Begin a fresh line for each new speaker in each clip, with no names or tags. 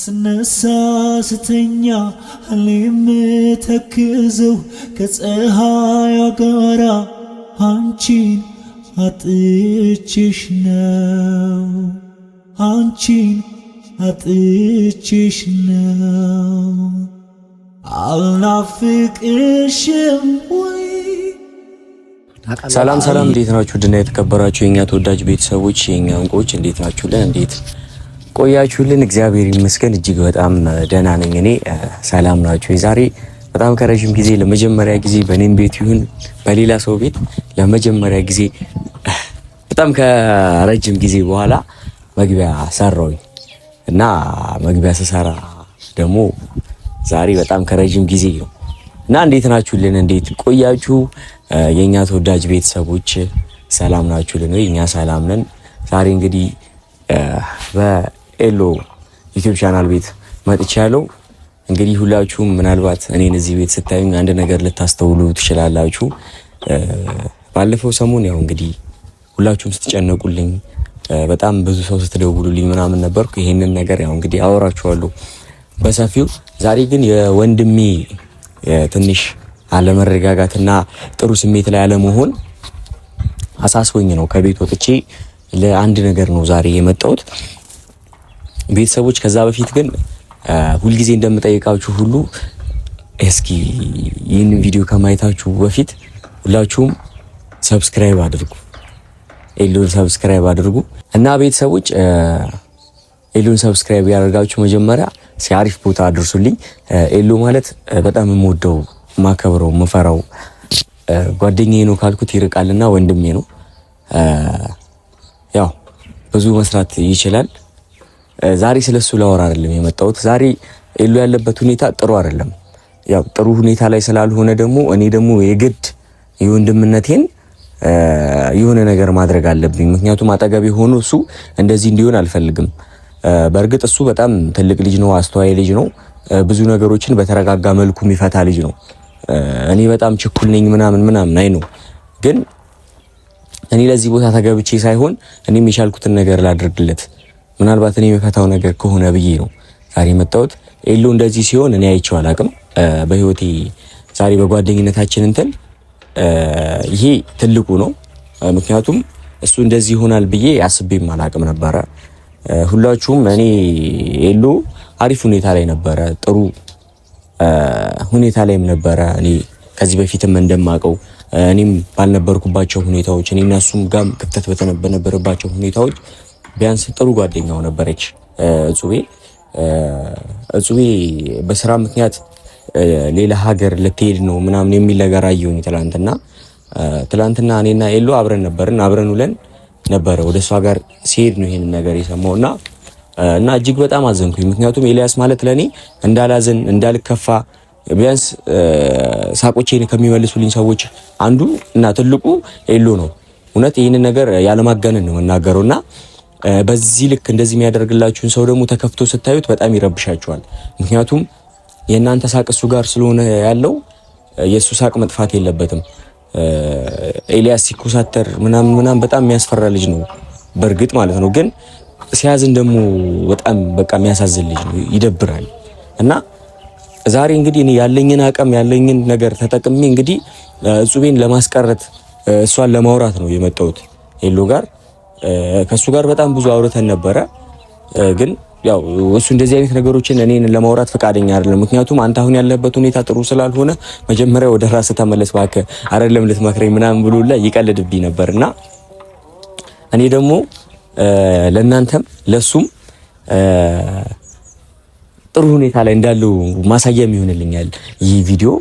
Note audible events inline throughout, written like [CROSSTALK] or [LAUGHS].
ስነሳ ስተኛ ህሌም ተክዘው ከፀሐያ ጋራ አንቺን አጥቼሽ ነው አንቺን አጥቼሽ ነው አልናፍቅሽም ወይ?
ሰላም ሰላም፣ እንዴት ናችሁ? ድና የተከበራችሁ የእኛ ተወዳጅ ቤተሰቦች የእኛ እንዴት እንዴት ቆያችሁልን? እግዚአብሔር ይመስገን እጅግ በጣም ደህና ነኝ እኔ። ሰላም ናችሁ? ዛሬ በጣም ከረዥም ጊዜ ለመጀመሪያ ጊዜ በእኔም ቤት ይሁን በሌላ ሰው ቤት ለመጀመሪያ ጊዜ በጣም ከረጅም ጊዜ በኋላ መግቢያ ሰራሁኝ እና መግቢያ ስሰራ ደግሞ ዛሬ በጣም ከረጅም ጊዜ ነው እና እንዴት ናችሁልን? እንዴት ቆያችሁ? የእኛ ተወዳጅ ቤተሰቦች ሰላም ናችሁልን ወይ? እኛ ሰላም ነን። ዛሬ እንግዲህ ኤሎ ዩቲዩብ ቻናል ቤት መጥቻ ያለው እንግዲህ ሁላችሁም ምናልባት እኔን እዚህ ቤት ስታዩኝ አንድ ነገር ልታስተውሉ ትችላላችሁ። ባለፈው ሰሞን ያው እንግዲህ ሁላችሁም ስትጨነቁልኝ በጣም ብዙ ሰው ስትደውሉልኝ ምናምን ነበርኩ። ይሄንን ነገር ያው እንግዲህ አወራችኋለሁ በሰፊው። ዛሬ ግን የወንድሜ ትንሽ አለመረጋጋትና ጥሩ ስሜት ላይ አለመሆን አሳስቦኝ ነው ከቤት ወጥቼ ለአንድ ነገር ነው ዛሬ የመጣሁት። ቤተሰቦች ከዛ በፊት ግን ሁልጊዜ እንደምጠይቃችሁ ሁሉ እስኪ ይህን ቪዲዮ ከማየታችሁ በፊት ሁላችሁም ሰብስክራይብ አድርጉ፣ ኤሉን ሰብስክራይብ አድርጉ እና ቤተሰቦች ኤሎን ሰብስክራይብ ያደርጋችሁ መጀመሪያ ሲያሪፍ ቦታ አድርሱልኝ። ኤሎ ማለት በጣም የምወደው ማከብረው ምፈራው ጓደኛዬ ነው ካልኩት ይርቃልና ወንድሜ ነው። ያው ብዙ መስራት ይችላል ዛሬ ስለሱ ላወራ አይደለም የመጣሁት። ዛሬ ኤሎ ያለበት ሁኔታ ጥሩ አይደለም። ያው ጥሩ ሁኔታ ላይ ስላልሆነ ደግሞ እኔ ደግሞ የግድ የወንድምነቴን የሆነ ነገር ማድረግ አለብኝ። ምክንያቱም አጠገቤ ሆኖ እሱ እንደዚህ እንዲሆን አልፈልግም። በእርግጥ እሱ በጣም ትልቅ ልጅ ነው፣ አስተዋይ ልጅ ነው፣ ብዙ ነገሮችን በተረጋጋ መልኩ የሚፈታ ልጅ ነው። እኔ በጣም ችኩል ነኝ ምናምን ምናምን አይ ነው ግን እኔ ለዚህ ቦታ ተገብቼ ሳይሆን እኔም የቻልኩትን ነገር ላድርግለት ምናልባት እኔ የምፈታው ነገር ከሆነ ብዬ ነው ዛሬ መጣሁት። ኤሎ እንደዚህ ሲሆን እኔ አይቼው አላቅም በህይወቴ ዛሬ በጓደኝነታችን እንትን ይሄ ትልቁ ነው። ምክንያቱም እሱ እንደዚህ ይሆናል ብዬ አስቤም አላቅም ነበረ። ሁላችሁም እኔ ኤሎ አሪፍ ሁኔታ ላይ ነበረ፣ ጥሩ ሁኔታ ላይም ነበረ። እኔ ከዚህ በፊትም እንደማቀው እኔም ባልነበርኩባቸው ሁኔታዎች እኔ እና ጋም ክፍተት በነበረባቸው ሁኔታዎች ቢያንስ ጥሩ ጓደኛው ነበረች እጹቤ። እጹቤ በስራ ምክንያት ሌላ ሀገር ልትሄድ ነው ምናምን የሚል ነገር አየሁኝ ትላንትና። ትላንትና እኔና ኤሎ አብረን ነበርን፣ አብረን ውለን ነበረ። ወደ እሷ ጋር ሲሄድ ነው ይሄንን ነገር የሰማው እና እና እጅግ በጣም አዘንኩኝ። ምክንያቱም ኤልያስ ማለት ለእኔ እንዳላዘን እንዳልከፋ ቢያንስ ሳቆቼን ከሚመልሱልኝ ሰዎች አንዱ እና ትልቁ ኤሎ ነው። እውነት ይህንን ነገር ያለማጋነን ነው የምናገረው እና በዚህ ልክ እንደዚህ የሚያደርግላችሁን ሰው ደግሞ ተከፍቶ ስታዩት በጣም ይረብሻችኋል። ምክንያቱም የእናንተ ሳቅ እሱ ጋር ስለሆነ ያለው የእሱ ሳቅ መጥፋት የለበትም። ኤልያስ ሲኮሳተር ምናምን ምናምን በጣም የሚያስፈራ ልጅ ነው በእርግጥ ማለት ነው። ግን ሲያዝን ደግሞ በጣም በቃ የሚያሳዝን ልጅ ነው፣ ይደብራል። እና ዛሬ እንግዲህ እኔ ያለኝን አቅም ያለኝን ነገር ተጠቅሜ እንግዲህ እጹቤን ለማስቀረት እሷን ለማውራት ነው የመጣሁት ሄሎ ጋር ከእሱ ጋር በጣም ብዙ አውርተን ነበረ ግን ያው እሱ እንደዚህ አይነት ነገሮችን እኔን ለማውራት ፈቃደኛ አይደለም። ምክንያቱም አንተ አሁን ያለበት ሁኔታ ጥሩ ስላልሆነ መጀመሪያ ወደ ራስ ተመለስ ባከ አይደለም ልትመክረኝ ምናምን ብሎ ላይ ይቀልድብኝ ነበር እና እኔ ደግሞ ለእናንተም ለሱም ጥሩ ሁኔታ ላይ እንዳለው ማሳያም ይሆንልኛል ይህ ቪዲዮ።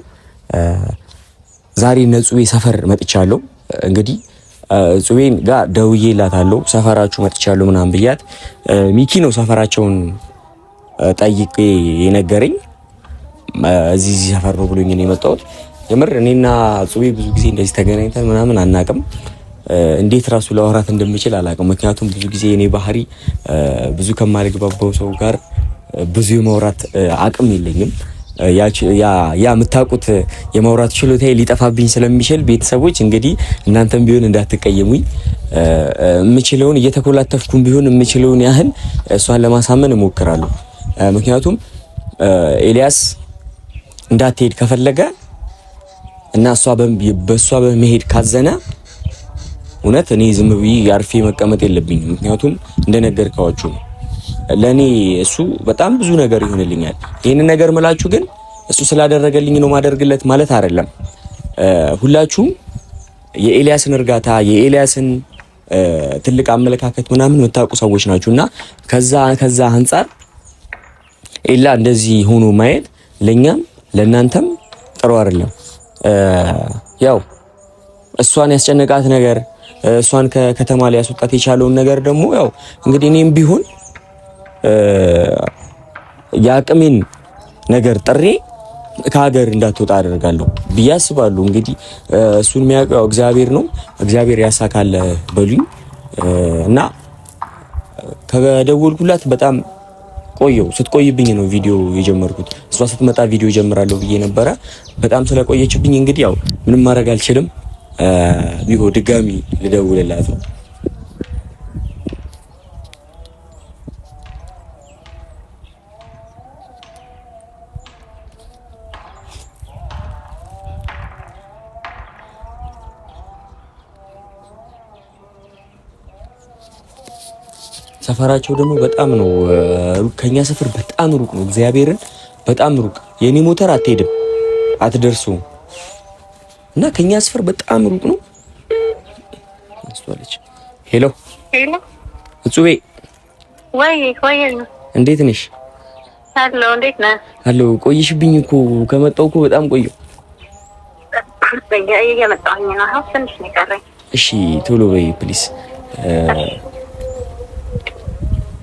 ዛሬ ነጹ ሰፈር መጥቻለሁ እንግዲህ ጽቤን ጋር ደውዬላታለሁ። ሰፈራችሁ መጥቻለሁ ምናምን ብያት ሚኪ ነው ሰፈራቸውን ጠይቄ የነገረኝ። እዚህ እዚህ ሰፈር ነው ብሎኝ ነው የመጣሁት። የምር እኔና ጽቤ ብዙ ጊዜ እንደዚህ ተገናኝተን ምናምን አናቅም። እንዴት ራሱ ለወራት እንደምችል አላቅም። ምክንያቱም ብዙ ጊዜ እኔ ባህሪ ብዙ ከማልግባባው ሰው ጋር ብዙ የመውራት አቅም የለኝም። ያ የምታውቁት የማውራት ችሎታ ሊጠፋብኝ ስለሚችል ቤተሰቦች እንግዲህ እናንተም ቢሆን እንዳትቀየሙኝ። የምችለውን እየተኮላተፍኩም ቢሆን የምችለውን ያህል እሷን ለማሳመን እሞክራለሁ። ምክንያቱም ኤልያስ እንዳትሄድ ከፈለገ እና እሷ በእሷ በመሄድ ካዘነ እውነት እኔ ዝም ብዬ አርፌ መቀመጥ የለብኝም። ምክንያቱም እንደነገር ነው ለእኔ እሱ በጣም ብዙ ነገር ይሆንልኛል። ይህንን ነገር ምላችሁ ግን እሱ ስላደረገልኝ ነው ማደርግለት ማለት አይደለም። ሁላችሁም የኤልያስን እርጋታ የኤልያስን ትልቅ አመለካከት ምናምን የምታውቁ ሰዎች ናችሁ እና ከዛ ከዛ አንጻር ኤላ እንደዚህ ሆኖ ማየት ለእኛም ለእናንተም ጥሩ አይደለም። ያው እሷን ያስጨነቃት ነገር እሷን ከከተማ ላይ ያስወጣት የቻለውን ነገር ደግሞ ያው እንግዲህ እኔም ቢሆን የአቅሜን ነገር ጥሬ ከሀገር እንዳትወጣ አደርጋለሁ ብዬ አስባለሁ። እንግዲህ እሱን የሚያውቀው እግዚአብሔር ነው። እግዚአብሔር ያሳካለ በሉኝ እና ከደወልኩላት በጣም ቆየው ስትቆይብኝ ነው ቪዲዮ የጀመርኩት። እሷ ስትመጣ ቪዲዮ ጀምራለሁ ብዬ ነበረ። በጣም ስለቆየችብኝ እንግዲህ ያው ምንም ማድረግ አልችልም። ቢሆን ድጋሚ ልደውልላት ነው። ሰፈራቸው ደግሞ በጣም ነው ከኛ ሰፈር በጣም ሩቅ ነው። እግዚአብሔርን በጣም ሩቅ የኔ ሞተር አትሄድም አትደርሱም። እና ከኛ ሰፈር በጣም ሩቅ ነው። አስተዋለች። ሄሎ ሄሎ፣ እጹቤ ወይ ወይ፣ እንዴት ነሽ?
ሄሎ፣ እንዴት ነህ?
ሄሎ፣ ቆይሽብኝ እኮ ከመጣሁ እኮ በጣም ቆየሁ። እሺ፣ ቶሎ በይ ፕሊስ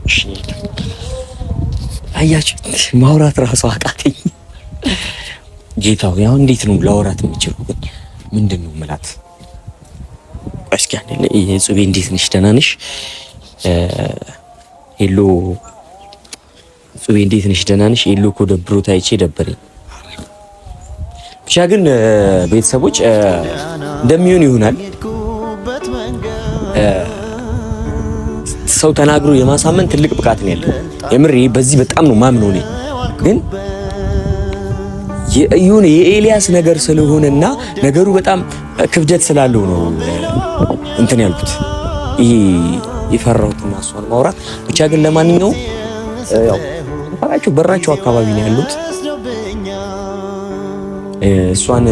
እሺ አያችሁ፣ ማውራት ራሱ አቃተኝ። ጌታው ያው እንዴት ነው ላወራት የምችለው? ምንድን ነው ምላት? እስኪ አንዴ ጽቤ፣ እንዴት ነሽ? ደህና ነሽ? ሄሎ ጽቤ፣ እንዴት ነሽ? ደህና ነሽ? ሄሎ እኮ ደብሮት አይቼ ደበረኝ። ብቻ ግን ቤተሰቦች እንደሚሆን ይሆናል ሰው ተናግሮ የማሳመን ትልቅ ብቃት ነው ያለው። የምሬ በዚህ በጣም ነው ማምነው እኔ ግን የዩን የኤልያስ ነገር ስለሆነና ነገሩ በጣም ክብደት ስላለው ነው እንትን ያልኩት ይሄ የፈራሁት እና እሷን ማውራት ብቻ። ግን ለማንኛውም ያው ፈራቸው በራቸው አካባቢ ነው ያሉት። እሷን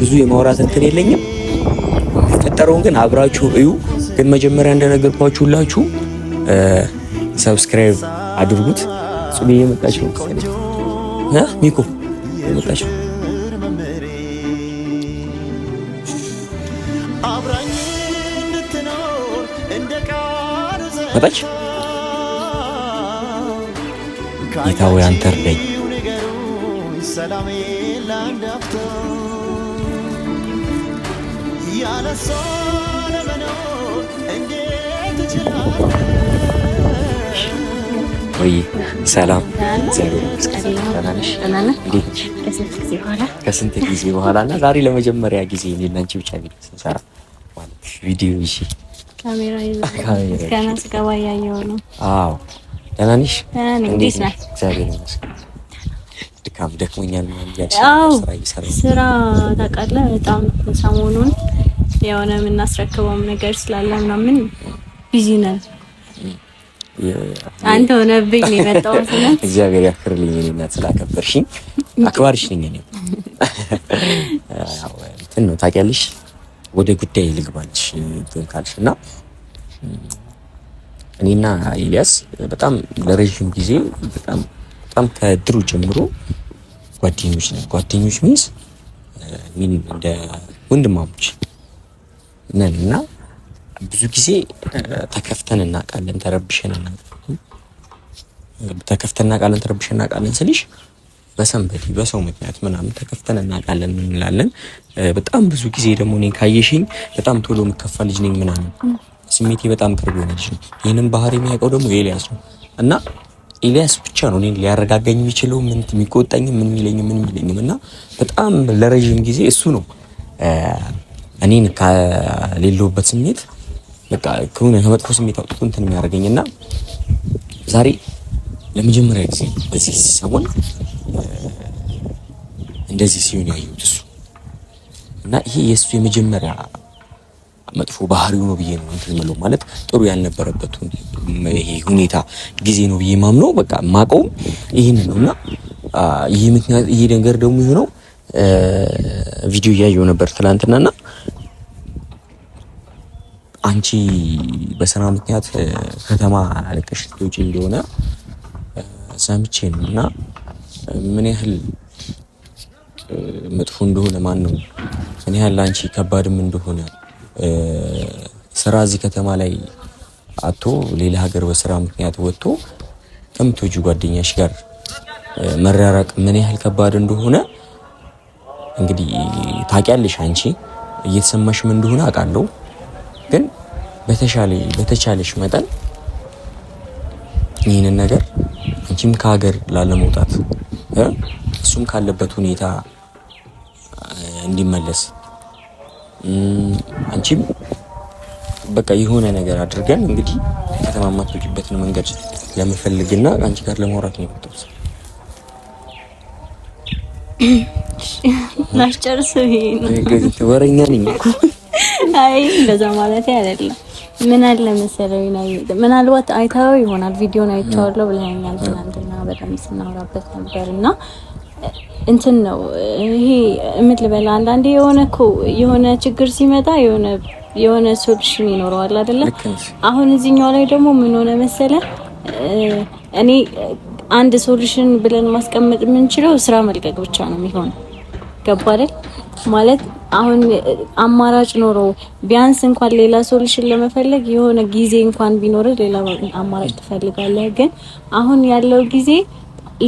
ብዙ የማውራት እንትን የለኝም። የፈጠረውን ግን አብራችሁ እዩ። ግን መጀመሪያ እንደነገርኳችሁ ሁላችሁ ሰብስክራይብ አድርጉት። ጽቤ የመጣች ነው ሚኮ የመጣች ነው። መጣች ጌታዊ አንተ እርዳኝ። ያለሰው ቆይ። ሰላም ከስንት ጊዜ በኋላ እና ዛሬ ለመጀመሪያ ጊዜ እኔ እና አንቺ ብቻ ቪዲዮ ስንሰራ ማለት ቪዲዮ እሺ፣
ካሜራ ይዘሽ ነው። ደክሞኛል ስራ ታውቃለህ፣ በጣም ሰሞኑን የሆነ የምናስረክበውም ነገር ስላለ ምናምን ቢዚ ነን አንተ ሆነብኝ ነው የመጣሁት። [LAUGHS]
እግዚአብሔር ያክርልኝ እኔ እናት ስላከበርሽኝ፣ አክባርሽ ነኝ እኔ እንትን ነው ታውቂያለሽ። ወደ ጉዳይ ልግባልሽ እንትን ካልሽ እና እኔና ኤልያስ በጣም ለረዥም ጊዜ በጣም በጣም ከድሩ ጀምሮ ጓደኞች ነን። ጓደኞች ሚንስ ሚን እንደ ወንድማሞች ነን እና ብዙ ጊዜ ተከፍተን እናውቃለን፣ ተረብሸን እናውቃለን። ተከፍተን እናውቃለን፣ ተረብሸን እናውቃለን ስልሽ በሰንበት በሰው ምክንያት ምናምን ተከፍተን እናውቃለን እንላለን። በጣም ብዙ ጊዜ ደግሞ እኔ ካየሽኝ በጣም ቶሎ የምከፋ ልጅ ነኝ ምናምን፣ ስሜቴ በጣም ቅርብ የሆነ ልጅ ነው። ይህንን ባህሪ የሚያውቀው ደግሞ ኤልያስ ነው እና ኤልያስ ብቻ ነው እኔ ሊያረጋጋኝ የሚችለው ምን የሚቆጣኝም ምን የሚለኝም ምን የሚለኝም እና በጣም ለረዥም ጊዜ እሱ ነው እኔን ከሌለሁበት ስሜት በቃ ከሆነ ከመጥፎ ስሜት አውጥቶ እንትን የሚያደርገኝ እና ዛሬ ለመጀመሪያ ጊዜ በዚህ ሰሞን እንደዚህ ሲሆን ያየሁት እሱ እና ይሄ የእሱ የመጀመሪያ መጥፎ ባህሪው ነው ብዬ ነው እንትን የምለው ማለት ጥሩ ያልነበረበት ይሄ ሁኔታ ጊዜ ነው ብዬ ማምነው በቃ ማቀውም ይህንን ነው እና ይህ ምክንያት ይሄ ነገር ደግሞ የሆነው ቪዲዮ እያየው ነበር ትላንትና እና አንቺ በስራ ምክንያት ከተማ ለቀሽ ስትወጪ እንደሆነ ሰምቼ ነው እና ምን ያህል መጥፎ እንደሆነ ማን ነው ምን ያህል አንቺ ከባድም እንደሆነ ስራ እዚህ ከተማ ላይ አቶ ሌላ ሀገር በስራ ምክንያት ወጥቶ ከምትወጁ ጓደኛሽ ጋር መራራቅ ምን ያህል ከባድ እንደሆነ እንግዲህ ታውቂያለሽ። አንቺ እየተሰማሽም እንደሆነ አውቃለሁ። ግን በተሻለ በተቻለሽ መጠን ይህንን ነገር አንቺም ከሀገር ላለመውጣት እሱም ካለበት ሁኔታ እንዲመለስ አንቺም በቃ የሆነ ነገር አድርገን እንግዲህ ከተማ መንገድ ለመፈልግና አንቺ ጋር ለማውራት ነው የመጣሁት። ላስጨርስ ወረኛ ነኝ እኮ
አይ እንደዛ ማለት አይደለም። ምን አለ መሰለኝ ነው ምናልባት አይታው ይሆናል ቪዲዮን አይቼዋለሁ ብለኛል። ትናንትና በጣም ስናወራበት ነበርና እንትን ነው ይሄ እምድ ልበላ አንዳንዴ የሆነ እኮ የሆነ ችግር ሲመጣ የሆነ የሆነ ሶሉሽን ይኖረዋል አይደለ? አሁን እዚህኛው ላይ ደግሞ ምን ሆነ መሰለ እኔ አንድ ሶሉሽን ብለን ማስቀመጥ የምንችለው ስራ መልቀቅ ብቻ ነው የሚሆነው። ገባ አይደል ማለት አሁን አማራጭ ኖሮ ቢያንስ እንኳን ሌላ ሶሉሽን ለመፈለግ የሆነ ጊዜ እንኳን ቢኖር ሌላ አማራጭ ትፈልጋለህ። ግን አሁን ያለው ጊዜ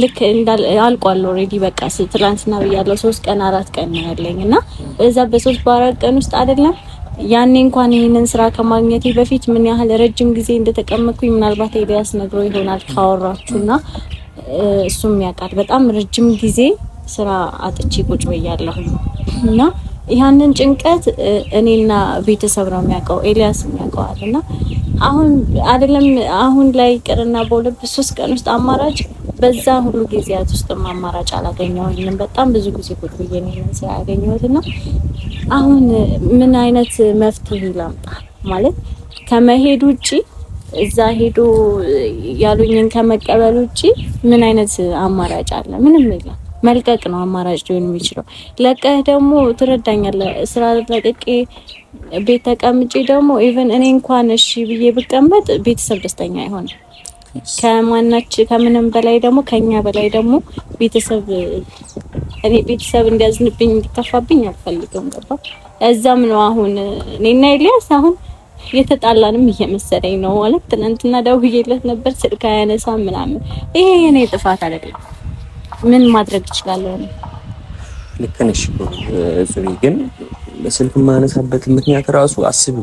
ልክ እንዳል አልቋል ኦልሬዲ በቃ ትላንትና ብያለሁ። ሶስት ቀን አራት ቀን ነው ያለኝ እና እዛ በሶስት በአራት ቀን ውስጥ አይደለም ያኔ እንኳን ይህንን ስራ ከማግኘቴ በፊት ምን ያህል ረጅም ጊዜ እንደተቀመጥኩኝ ምናልባት ኤልያስ ነግሮ ይሆናል ካወራችሁና እሱም ያውቃል። በጣም ረጅም ጊዜ ስራ አጥቼ ቁጭ ብያለሁ እና ያንን ጭንቀት እኔና ቤተሰብ ነው የሚያውቀው፣ ኤልያስ የሚያውቀዋል። እና አሁን አይደለም አሁን ላይ ቅርና በሁለት ሶስት ቀን ውስጥ አማራጭ በዛ ሁሉ ጊዜያት ውስጥ አማራጭ አላገኘሁኝም። በጣም ብዙ ጊዜ ቁጭ ብዬ ነው ያገኘሁት። እና አሁን ምን አይነት መፍትሄ ላምጣ ማለት ከመሄድ ውጪ እዛ ሄዶ ያሉኝን ከመቀበል ውጪ ምን አይነት አማራጭ አለ? ምንም የለም። መልቀቅ ነው አማራጭ ሊሆን የሚችለው። ለቀህ ደግሞ ትረዳኛለህ። ስራ ለቅቄ ቤት ተቀምጬ ደግሞ ኢቨን እኔ እንኳን እሺ ብዬ ብቀመጥ ቤተሰብ ደስተኛ አይሆንም። ከማናች ከምንም በላይ ደግሞ ከኛ በላይ ደግሞ ቤተሰብ እኔ ቤተሰብ እንዲያዝንብኝ እንዲከፋብኝ አልፈልግም። ገባ? እዛም ነው አሁን እኔና ኤልያስ አሁን የተጣላንም እየመሰለኝ ነው ማለት ትናንትና ደውዬለት ነበር ስልክ አያነሳም ምናምን። ይሄ የኔ ጥፋት አይደለም። ምን ማድረግ እችላለሁ?
ልክ ነሽ ጽሪ፣ ግን ስልክ የማነሳበት ምክንያት ራሱ አስቢው።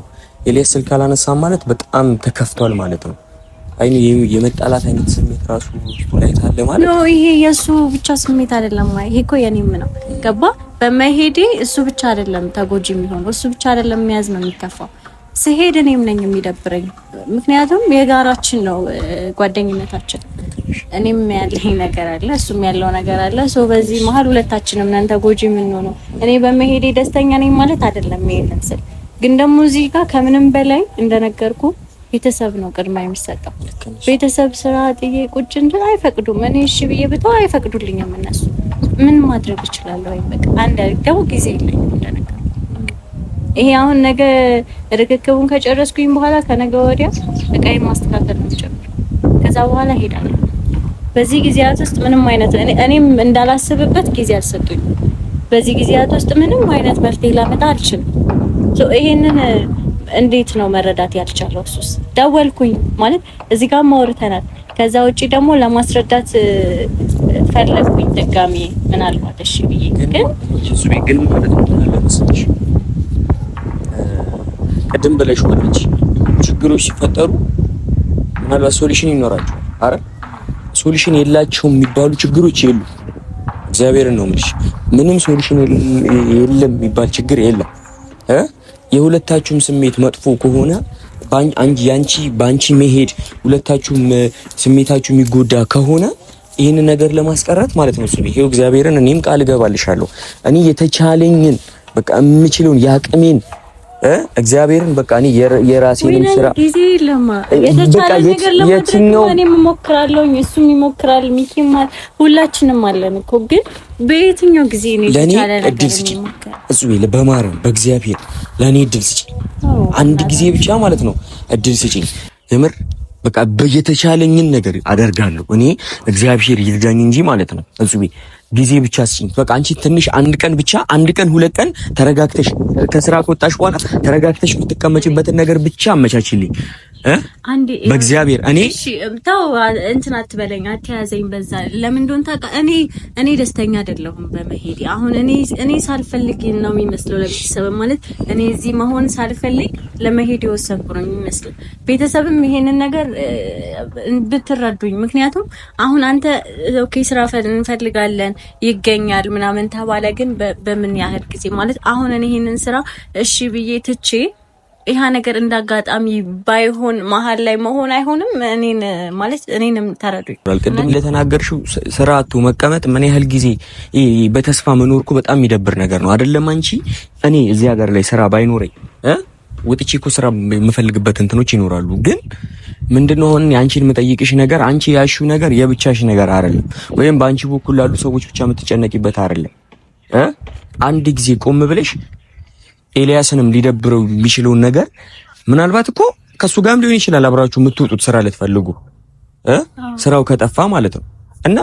ኤልያስ ስልክ አላነሳ ማለት በጣም ተከፍቷል ማለት ነው። አይ የመጣላት አይነት ስሜት ራሱ
ላይ ታለ ማለት ነው። ይሄ የእሱ ብቻ ስሜት አይደለም፣ ይሄ እኮ የኔም ነው። ገባ በመሄዴ እሱ ብቻ አይደለም ተጎጂ የሚሆነው፣ እሱ ብቻ አይደለም የሚያዝ ነው የሚከፋው ስሄድ እኔም ነኝ የሚደብረኝ። ምክንያቱም የጋራችን ነው ጓደኝነታችን። እኔም ያለኝ ነገር አለ፣ እሱም ያለው ነገር አለ። ሶ በዚህ መሀል ሁለታችንም ነን ተጎጂ የምንሆነው። እኔ በመሄዴ ደስተኛ ነኝ ማለት አይደለም። ይሄንን ስል ግን ደግሞ እዚህ ጋር ከምንም በላይ እንደነገርኩ ቤተሰብ ነው ቅድማ የሚሰጠው። ቤተሰብ ስራ ጥዬ ቁጭ እንድል አይፈቅዱም። እኔ እሺ ብዬ ብተው አይፈቅዱልኝም እነሱ። ምን ማድረግ እችላለሁ? ወይም በቃ አንድ ደግሞ ጊዜ የለኝም ይሄ አሁን ነገ ርክክቡን ከጨረስኩኝ በኋላ ከነገ ወዲያ እቃይ ማስተካከል ነው ጀምር። ከዛ በኋላ ሄዳለሁ። በዚህ ጊዜያት ውስጥ ምንም አይነት እኔም እንዳላስብበት ጊዜ አልሰጡኝ። በዚህ ጊዜያት ውስጥ ምንም አይነት መፍትሄ ላመጣ አልችልም። ይሄንን እንዴት ነው መረዳት ያልቻለው? እሱስ ደወልኩኝ ማለት እዚህ ጋር ማውርተናል። ከዛ ውጪ ደግሞ ለማስረዳት ፈለግኩኝ ድጋሜ ምናልባት እሺ ብዬ ግን
ቅድም ብለሽዋል አንቺ ችግሮች ሲፈጠሩ ምናልባት ሶሉሽን ይኖራቸው አረ ሶሉሽን የላቸውም የሚባሉ ችግሮች የሉ። እግዚአብሔርን ነው የምልሽ። ምንም ሶሉሽን የለም የሚባል ችግር የለም። የሁለታችሁም ስሜት መጥፎ ከሆነ ያንቺ ባንቺ መሄድ ሁለታችሁም ስሜታችሁ የሚጎዳ ከሆነ ይህንን ነገር ለማስቀረት ማለት ነው ስሜ ይሄው እግዚአብሔርን እኔም ቃል እገባልሻለሁ እኔ የተቻለኝን በቃ የምችለውን የአቅሜን እግዚአብሔርን በቃ እኔ የራሴንም ስራ
የትኛው የለማ እሞክራለሁ፣ እሱም ይሞክራል፣ ሚኪም ሁላችንም አለን እኮ ግን በየትኛው ጊዜ ነው
ለእኔ እድል ስጪ፣ እጹቤ በማርያም በእግዚአብሔር ለእኔ እድል ስጪ፣ አንድ ጊዜ ብቻ ማለት ነው እድል ስጪ። የምር በቃ በየተቻለኝን ነገር አደርጋለሁ እኔ እግዚአብሔር ይርዳኝ እንጂ ማለት ነው እጹቤ ጊዜ ብቻ ስጭኝ። በቃ አንቺ ትንሽ አንድ ቀን ብቻ አንድ ቀን ሁለት ቀን ተረጋግተሽ ከስራ ከወጣሽ በኋላ ተረጋግተሽ የምትቀመጭበትን ነገር ብቻ አመቻችልኝ። በእግዚአብሔር እኔ
ተው እንትን አትበለኝ፣ አትያዘኝ በዛ። ለምን እንደሆነ ታውቃለህ፣ እኔ እኔ ደስተኛ አይደለሁም በመሄድ አሁን እኔ እኔ ሳልፈልግ ነው የሚመስለው ለቤተሰብ ማለት እኔ እዚህ መሆን ሳልፈልግ ለመሄድ የወሰንኩ ነው የሚመስለው። ቤተሰብም ይሄንን ነገር ብትረዱኝ፣ ምክንያቱም አሁን አንተ ኦኬ ስራ እንፈልጋለን ይገኛል ምናምን ተባለ፣ ግን በምን ያህል ጊዜ ማለት አሁን እኔ ይሄንን ስራ እሺ ብዬ ትቼ ይሄ ነገር እንዳጋጣሚ ባይሆን መሀል ላይ መሆን አይሆንም። እኔን ማለት እኔንም ተረዱኝ።
ቅድም ለተናገርሽው ስራ አቶ መቀመጥ ምን ያህል ጊዜ በተስፋ መኖርኩ በጣም የሚደብር ነገር ነው አይደለም? አንቺ እኔ እዚህ ሀገር ላይ ስራ ባይኖረኝ ወጥቼ እኮ ስራ የምፈልግበት እንትኖች ይኖራሉ። ግን ምንድነው አሁን አንቺን የምጠይቅሽ ነገር አንቺ ያልሺው ነገር የብቻሽ ነገር አይደለም፣ ወይም በአንቺ በኩል ላሉ ሰዎች ብቻ የምትጨነቂበት አይደለም። አንድ ጊዜ ቆም ብለሽ ኤልያስንም ሊደብረው የሚችለውን ነገር ምናልባት እኮ ከሱ ጋርም ሊሆን ይችላል አብራችሁ የምትወጡት ስራ ልትፈልጉ እ ስራው ከጠፋ ማለት ነው። እና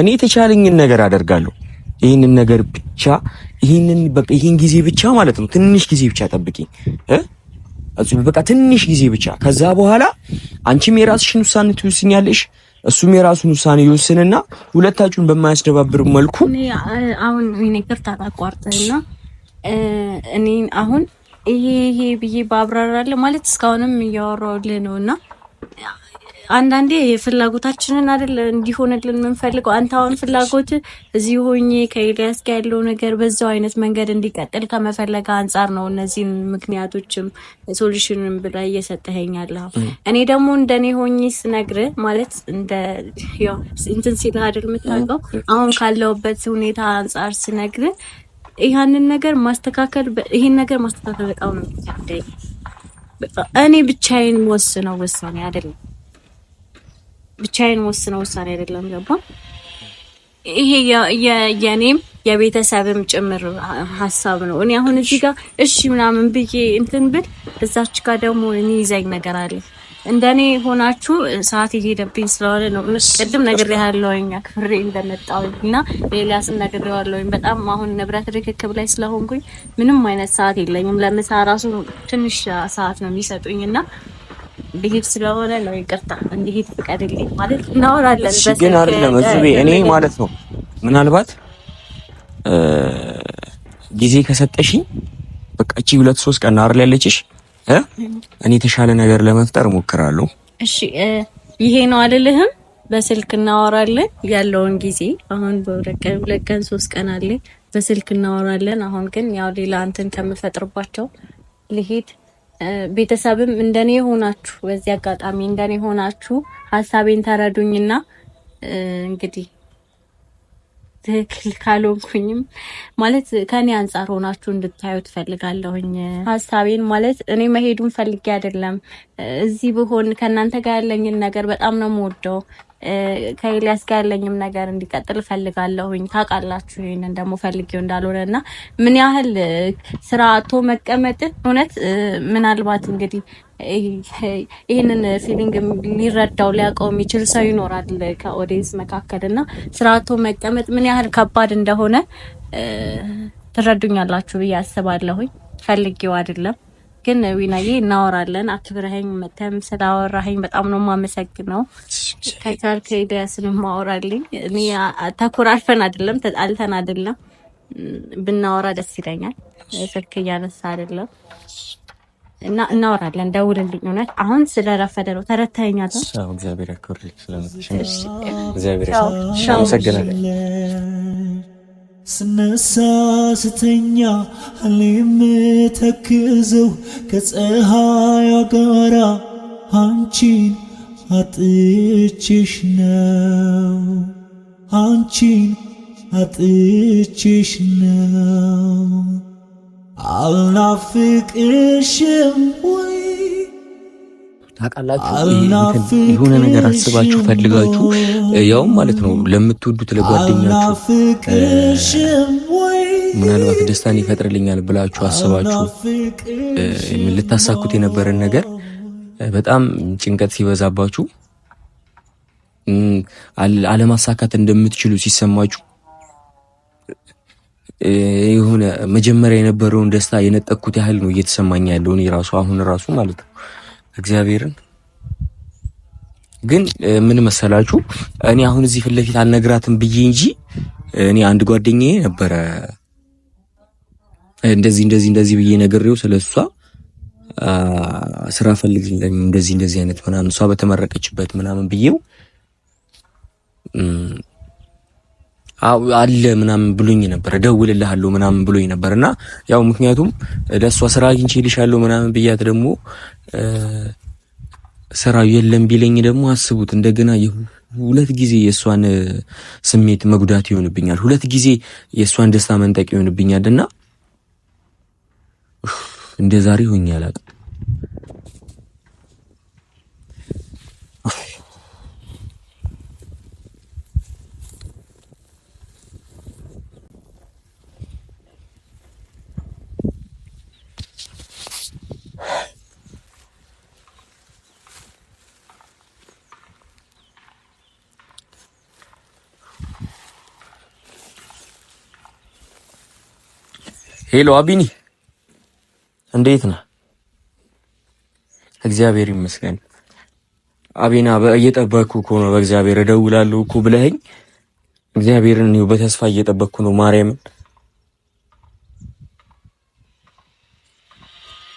እኔ የተቻለኝን ነገር አደርጋለሁ። ይህንን ነገር ብቻ ይህንን በቃ ይህን ጊዜ ብቻ ማለት ነው። ትንሽ ጊዜ ብቻ ጠብቂኝ እ በቃ ትንሽ ጊዜ ብቻ። ከዛ በኋላ አንቺም የራስሽን ውሳኔ ትወስኛለሽ፣ እሱም የራሱን ውሳኔ ይወስንና ሁለታችሁን በማያስደባብር መልኩ
አሁን ነገር ታቋርጠና እኔ አሁን ይሄ ይሄ ብዬ ባብራራለሁ ማለት እስካሁንም እያወራሁልህ ነው እና አንዳንዴ የፍላጎታችንን አይደል እንዲሆንልን የምንፈልገው። አንተ አሁን ፍላጎት እዚህ ሆኜ ከኤልያስ ጋር ያለው ነገር በዛው አይነት መንገድ እንዲቀጥል ከመፈለገ አንጻር ነው እነዚህን ምክንያቶችም ሶሉሽንም ብላ እየሰጠኸኛል። እኔ ደግሞ እንደኔ ሆኜ ስነግርህ ማለት እንደ እንትን ሲልህ አይደል የምታውቀው አሁን ካለውበት ሁኔታ አንጻር ስነግርህ ይህንን ነገር ማስተካከል ይሄን ነገር ማስተካከል በጣም ነው ጉዳይ። እኔ ብቻዬን ወስነው ውሳኔ አይደለም፣ ብቻዬን ወስነው ውሳኔ አይደለም። ገባ? ይሄ የኔም የቤተሰብም ጭምር ሀሳብ ነው። እኔ አሁን እዚህ ጋር እሺ ምናምን ብዬ እንትን ብል እዛች ጋር ደግሞ እኔ ይዘኝ ነገር አለ እንደኔ ሆናችሁ ሰዓት የሄደብኝ ስለሆነ ነው። ቅድም ነግሬሃለሁኝ ክፍሬ እንደመጣሁኝ እና ኤልያስን ነግሬዋለሁኝ። በጣም አሁን ንብረት ርክክብ ላይ ስለሆንኩኝ ምንም አይነት ሰዓት የለኝም። ለምሳ ራሱ ትንሽ ሰዓት ነው የሚሰጡኝ እና ልሄድ ስለሆነ ነው። ይቅርታ እንዲሄድ ፍቀድልኝ። ማለት እናወራለን
ግን አይደለም እዚህ እኔ ማለት ነው። ምናልባት ጊዜ ከሰጠሽኝ በቃ እቺ ሁለት ሶስት ቀን አርል ያለችሽ እኔ የተሻለ ነገር ለመፍጠር እሞክራለሁ።
እሺ ይሄ ነው አልልህም። በስልክ እናወራለን ያለውን ጊዜ አሁን ሁለት ቀን ሶስት ቀን አለ በስልክ እናወራለን። አሁን ግን ያው ሌላ አንተን ከምፈጥርባቸው ልሄድ ቤተሰብም እንደኔ ሆናችሁ በዚህ አጋጣሚ እንደኔ ሆናችሁ ሀሳቤን ተረዱኝና እንግዲህ ትክክል ካልሆንኩኝም ማለት ከኔ አንጻር ሆናችሁ እንድታዩ ትፈልጋለሁኝ ሀሳቤን። ማለት እኔ መሄዱን ፈልጌ አይደለም። እዚህ ብሆን ከእናንተ ጋር ያለኝን ነገር በጣም ነው የምወደው ከኤልያስ ጋር ያለኝም ነገር እንዲቀጥል ፈልጋለሁኝ ታውቃላችሁ ይህንን ደግሞ ፈልጌው እንዳልሆነ እና ምን ያህል ስራ አቶ መቀመጥን እውነት ምናልባት እንግዲህ ይህንን ፊሊንግ ሊረዳው ሊያውቀው የሚችል ሰው ይኖራል ከኦዲየንስ መካከል እና ስራ አቶ መቀመጥ ምን ያህል ከባድ እንደሆነ ትረዱኛላችሁ ብዬ አስባለሁኝ። ፈልጌው አይደለም ግን ዊናዬ እናወራለን። አክብረኸኝ መተም ስላወራኸኝ በጣም ነው የማመሰግነው። ከቻልክ ሄደህ ስለማወራልኝ እኔ ተኮራርፈን አይደለም ተጣልተን አይደለም ብናወራ ደስ ይለኛል። ስልክ እያነሳ አይደለም እና እናወራለን። ደውልልኝ። እውነት አሁን ስለረፈደ ነው። ተረታኛለ።
እግዚአብሔር ያክብርልኝ ስለመጣሽ። እግዚአብሔር ያመሰግናል።
ስነሳ ስተኛ ህሌም ተክዘው ከፀሐያ ጋራ አንቺን አጥቼሽ ነው አንቺን አጥቼሽ ነው አልናፍቅሽም ወይ
ታውቃላችሁ የሆነ ነገር አስባችሁ ፈልጋችሁ ያውም ማለት ነው ለምትወዱት ለጓደኛችሁ ምናልባት ደስታን ይፈጥርልኛል ብላችሁ አስባችሁ ልታሳኩት የነበረን ነገር በጣም ጭንቀት ሲበዛባችሁ አለማሳካት እንደምትችሉ ሲሰማችሁ የሆነ መጀመሪያ የነበረውን ደስታ የነጠኩት ያህል ነው እየተሰማኝ ያለውን የራሱ አሁን ራሱ ማለት ነው እግዚአብሔርን ግን ምን መሰላችሁ፣ እኔ አሁን እዚህ ፊት ለፊት አልነግራትም ብዬ እንጂ እኔ አንድ ጓደኛዬ ነበረ እንደዚህ እንደዚህ እንደዚህ ብዬ ነግሬው ስለሷ ስራ ፈልግልኝ እንደዚህ እንደዚህ አይነት ምናምን እሷ በተመረቀችበት ምናምን ብዬው አለ ምናምን ብሎኝ ነበር፣ እደውልልሃለሁ ምናምን ብሎኝ ነበር። እና ያው ምክንያቱም ለእሷ ስራ ይልሻለሁ ምናምን ብያት ደግሞ ስራ የለም ቢለኝ ደግሞ አስቡት እንደገና ሁለት ጊዜ የእሷን ስሜት መጉዳት ይሆንብኛል፣ ሁለት ጊዜ የእሷን ደስታ መንጠቅ ይሆንብኛል። እና እንደ ዛሬ ሆኜ አላውቅም። ሄሎ አቢኒ፣ እንዴት ነህ? እግዚአብሔር ይመስገን። አቢና እየጠበቅኩ እኮ ነው፣ በእግዚአብሔር እደውላለሁ እኮ ብለኸኝ፣ እግዚአብሔርን እኔው በተስፋ እየጠበቅኩ ነው። ማርያምን፣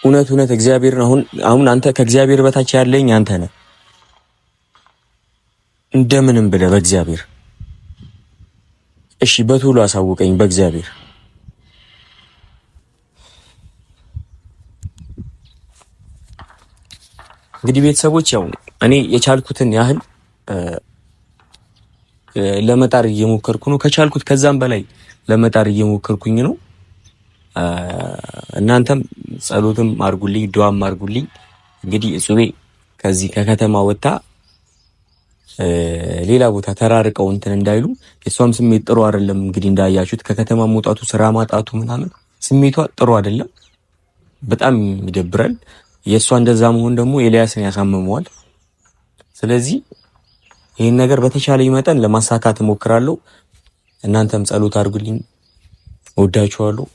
እውነት እውነት እግዚአብሔርን አሁን አሁን አንተ ከእግዚአብሔር በታች ያለኝ አንተ ነህ። እንደምንም ብለህ በእግዚአብሔር እሺ፣ በቶሎ አሳውቀኝ በእግዚአብሔር እንግዲህ ቤተሰቦች ያው እኔ የቻልኩትን ያህል ለመጣር እየሞከርኩ ነው። ከቻልኩት ከዛም በላይ ለመጣር እየሞከርኩኝ ነው። እናንተም ጸሎትም አድርጉልኝ፣ ድዋም አድርጉልኝ። እንግዲህ እጹቤ ከዚህ ከከተማ ወጥታ ሌላ ቦታ ተራርቀው እንትን እንዳይሉ የእሷም ስሜት ጥሩ አይደለም። እንግዲህ እንዳያችሁት ከከተማ መውጣቱ ስራ ማጣቱ ምናምን ስሜቷ ጥሩ አይደለም። በጣም ይደብራል። የእሷ እንደዛ መሆን ደግሞ ኤልያስን ያሳምመዋል። ስለዚህ ይህን ነገር በተቻለ መጠን ለማሳካት እሞክራለሁ። እናንተም ጸሎት አድርጉልኝ። ወዳችኋለሁ